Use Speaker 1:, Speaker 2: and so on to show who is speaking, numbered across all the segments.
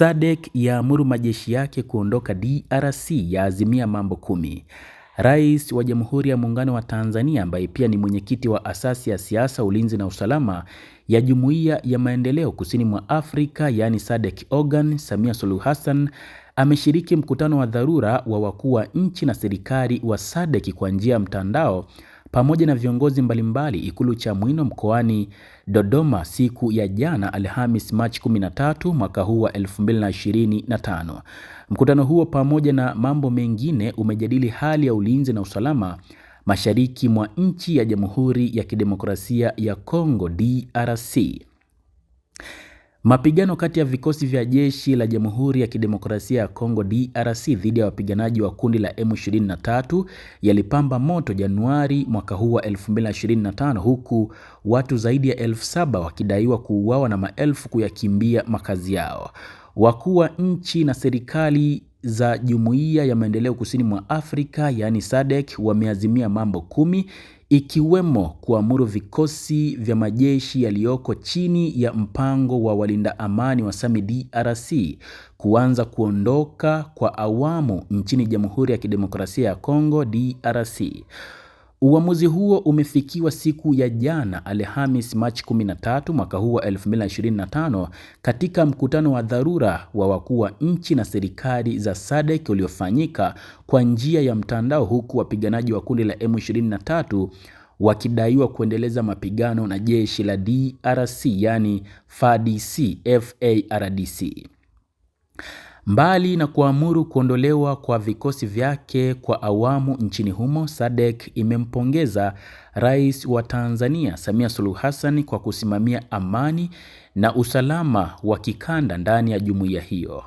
Speaker 1: SADC yaamuru majeshi yake kuondoka DRC, yaazimia mambo kumi. Rais wa Jamhuri ya Muungano wa Tanzania ambaye pia ni mwenyekiti wa asasi ya siasa, ulinzi na usalama ya Jumuiya ya Maendeleo Kusini mwa Afrika yaani SADC organ, Samia Suluhu Hassan ameshiriki mkutano wa dharura wa wakuu wa nchi na serikali wa SADC kwa njia ya mtandao pamoja na viongozi mbalimbali Ikulu Chamwino mkoani Dodoma siku ya jana Alhamis Machi 13 mwaka huu wa 2025. Mkutano huo pamoja na mambo mengine umejadili hali ya ulinzi na usalama mashariki mwa nchi ya Jamhuri ya Kidemokrasia ya Kongo DRC. Mapigano kati ya vikosi vya jeshi la Jamhuri ya Kidemokrasia ya Kongo DRC dhidi ya wapiganaji wa kundi la M23 yalipamba moto Januari mwaka huu wa 2025 huku watu zaidi ya elfu saba wakidaiwa kuuawa na maelfu kuyakimbia makazi yao. Wakuu wa nchi na serikali za Jumuiya ya Maendeleo Kusini mwa Afrika yaani SADC wameazimia mambo kumi ikiwemo kuamuru vikosi vya majeshi yaliyoko chini ya mpango wa walinda amani wa SAMI DRC kuanza kuondoka kwa awamu nchini Jamhuri ya Kidemokrasia ya Kongo DRC. Uamuzi huo umefikiwa siku ya jana Alhamis, Machi 13 mwaka huu wa 2025 katika mkutano wa dharura wa wakuu wa nchi na serikali za SADC uliofanyika kwa njia ya mtandao, huku wapiganaji wa kundi la M23 wakidaiwa kuendeleza mapigano na jeshi la DRC, yani FARDC, FARDC. Mbali na kuamuru kuondolewa kwa vikosi vyake kwa awamu nchini humo, SADC imempongeza Rais wa Tanzania Samia Suluhu Hassan kwa kusimamia amani na usalama wa kikanda ndani ya jumuiya hiyo.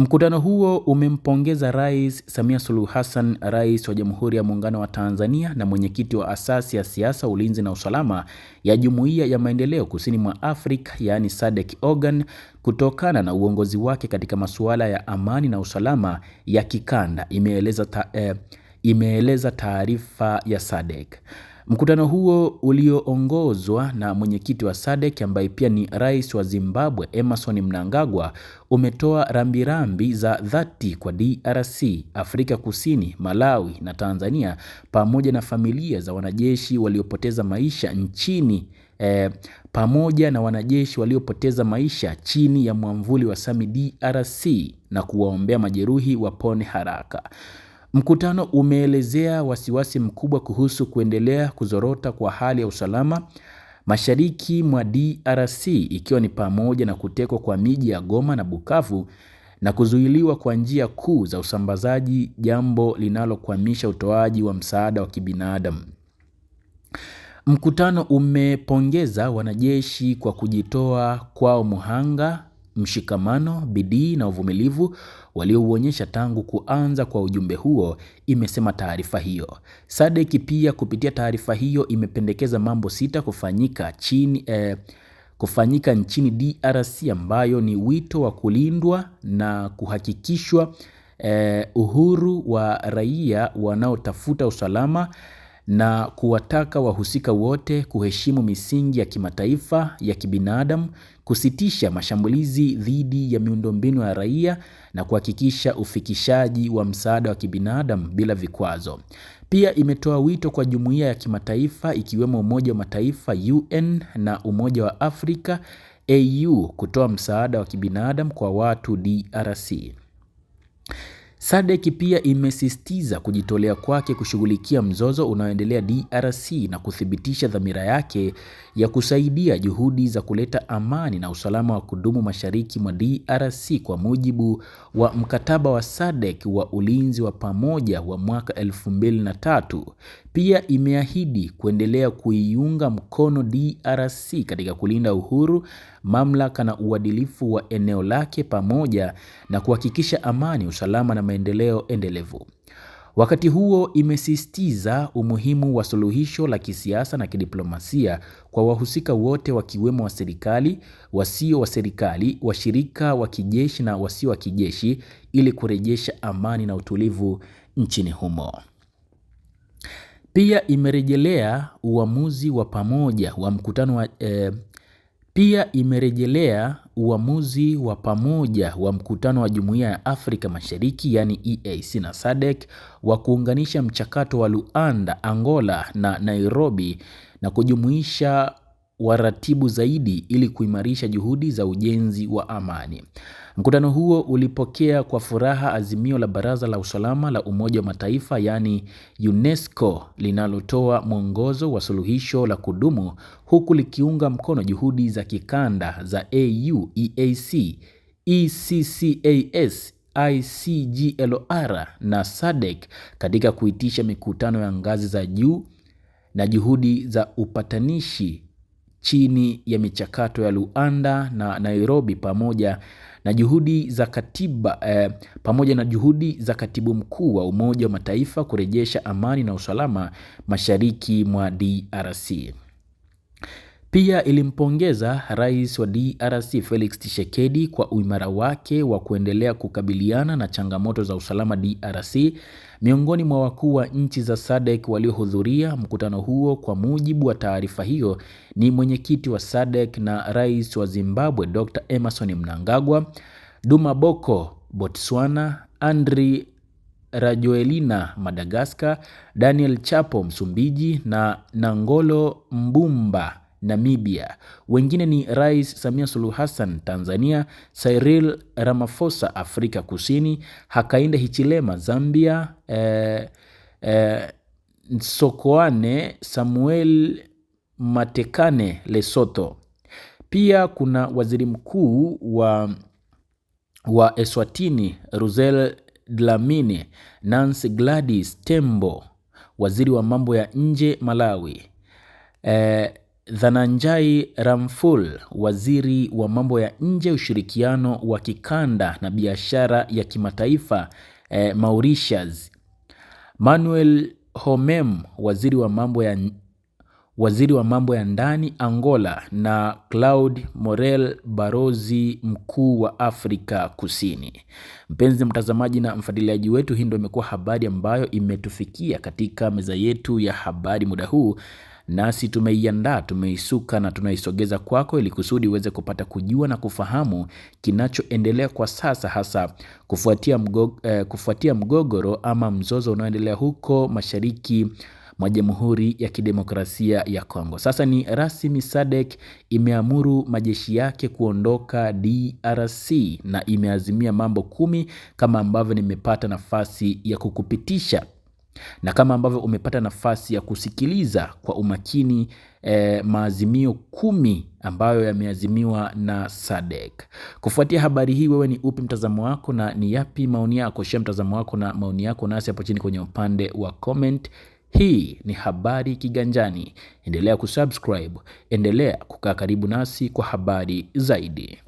Speaker 1: Mkutano huo umempongeza Rais Samia Suluhu Hassan, rais wa Jamhuri ya Muungano wa Tanzania na mwenyekiti wa Asasi ya Siasa, Ulinzi na Usalama ya Jumuiya ya Maendeleo Kusini mwa Afrika, yaani SADC organ kutokana na uongozi wake katika masuala ya amani na usalama ya kikanda, imeeleza ta, eh, imeeleza taarifa ya SADC. Mkutano huo ulioongozwa na mwenyekiti wa SADC ambaye pia ni rais wa Zimbabwe Emerson Mnangagwa umetoa rambirambi za dhati kwa DRC, Afrika Kusini, Malawi na Tanzania pamoja na familia za wanajeshi waliopoteza maisha nchini eh, pamoja na wanajeshi waliopoteza maisha chini ya mwamvuli wa SAMI DRC na kuwaombea majeruhi wapone haraka. Mkutano umeelezea wasiwasi mkubwa kuhusu kuendelea kuzorota kwa hali ya usalama mashariki mwa DRC ikiwa ni pamoja na kutekwa kwa miji ya Goma na Bukavu na kuzuiliwa kwa njia kuu za usambazaji, jambo linalokwamisha utoaji wa msaada wa kibinadamu. Mkutano umepongeza wanajeshi kwa kujitoa kwao muhanga mshikamano, bidii na uvumilivu waliouonyesha tangu kuanza kwa ujumbe huo, imesema taarifa hiyo. SADC pia kupitia taarifa hiyo imependekeza mambo sita kufanyika chini eh, kufanyika nchini DRC ambayo ni wito wa kulindwa na kuhakikishwa eh, uhuru wa raia wanaotafuta usalama na kuwataka wahusika wote kuheshimu misingi ya kimataifa ya kibinadamu kusitisha mashambulizi dhidi ya miundombinu ya raia na kuhakikisha ufikishaji wa msaada wa kibinadamu bila vikwazo. Pia imetoa wito kwa jumuiya ya kimataifa ikiwemo Umoja wa Mataifa UN na Umoja wa Afrika AU kutoa msaada wa kibinadamu kwa watu DRC. SADC pia imesisitiza kujitolea kwake kushughulikia mzozo unaoendelea DRC na kuthibitisha dhamira yake ya kusaidia juhudi za kuleta amani na usalama wa kudumu mashariki mwa DRC kwa mujibu wa mkataba wa SADC wa ulinzi wa pamoja wa mwaka 2003. Pia imeahidi kuendelea kuiunga mkono DRC katika kulinda uhuru mamlaka na uadilifu wa eneo lake pamoja na kuhakikisha amani, usalama na maendeleo endelevu. Wakati huo imesisitiza umuhimu wa suluhisho la kisiasa na kidiplomasia kwa wahusika wote wakiwemo wa serikali, wasio wa serikali, washirika wa kijeshi na wasio wa kijeshi ili kurejesha amani na utulivu nchini humo. Pia imerejelea uamuzi wa pamoja wa mkutano wa, eh, pia imerejelea uamuzi wa pamoja wa mkutano wa Jumuiya ya Afrika Mashariki yaani EAC na SADC wa kuunganisha mchakato wa Luanda, Angola na Nairobi na kujumuisha waratibu zaidi ili kuimarisha juhudi za ujenzi wa amani. Mkutano huo ulipokea kwa furaha azimio la Baraza la Usalama la Umoja wa Mataifa yaani UNESCO linalotoa mwongozo wa suluhisho la kudumu huku likiunga mkono juhudi za kikanda za AU, EAC, ECCAS, ICGLR na SADC e katika kuitisha mikutano ya ngazi za juu na juhudi za upatanishi chini ya michakato ya Luanda na Nairobi pamoja na juhudi za katiba eh, pamoja na juhudi za katibu mkuu wa Umoja wa Mataifa kurejesha amani na usalama mashariki mwa DRC. Pia ilimpongeza Rais wa DRC Felix Tshisekedi kwa uimara wake wa kuendelea kukabiliana na changamoto za usalama DRC Miongoni mwa wakuu wa nchi za SADC waliohudhuria mkutano huo kwa mujibu wa taarifa hiyo ni mwenyekiti wa SADC na rais wa Zimbabwe Dr. Emerson Mnangagwa, Duma Boko Botswana, Andry Rajoelina Madagascar, Daniel Chapo Msumbiji na Nangolo Mbumba Namibia. Wengine ni Rais Samia Suluhu Hassan Tanzania, Cyril Ramaphosa Afrika Kusini, Hakainde Hichilema Zambia, eh, eh, Nsokoane Samuel Matekane Lesotho. Pia kuna waziri mkuu wa, wa Eswatini Ruzel Dlamini, Nancy Gladys Tembo waziri wa mambo ya nje Malawi. Eh, Dhananjai Ramphul, waziri wa mambo ya nje, ushirikiano wa kikanda na biashara ya kimataifa eh, Mauritius. Manuel Homem, waziri wa mambo ya waziri wa mambo ya ndani Angola, na Claude Morel, barozi mkuu wa Afrika Kusini. Mpenzi mtazamaji na mfuatiliaji wetu, hii ndio imekuwa habari ambayo imetufikia katika meza yetu ya habari muda huu nasi tumeiandaa, tumeisuka na tunaisogeza kwako ili kusudi uweze kupata kujua na kufahamu kinachoendelea kwa sasa, hasa kufuatia, mgo, eh, kufuatia mgogoro ama mzozo unaoendelea huko mashariki mwa Jamhuri ya Kidemokrasia ya Kongo. Sasa ni rasmi, SADC imeamuru majeshi yake kuondoka DRC na imeazimia mambo kumi kama ambavyo nimepata nafasi ya kukupitisha na kama ambavyo umepata nafasi ya kusikiliza kwa umakini eh, maazimio kumi ambayo yameazimiwa na SADC. Kufuatia habari hii, wewe ni upi mtazamo wako na ni yapi maoni yako? Shia mtazamo wako na maoni yako nasi hapo chini kwenye upande wa comment. Hii ni Habari Kiganjani. Endelea kusubscribe, endelea kukaa karibu nasi kwa habari zaidi.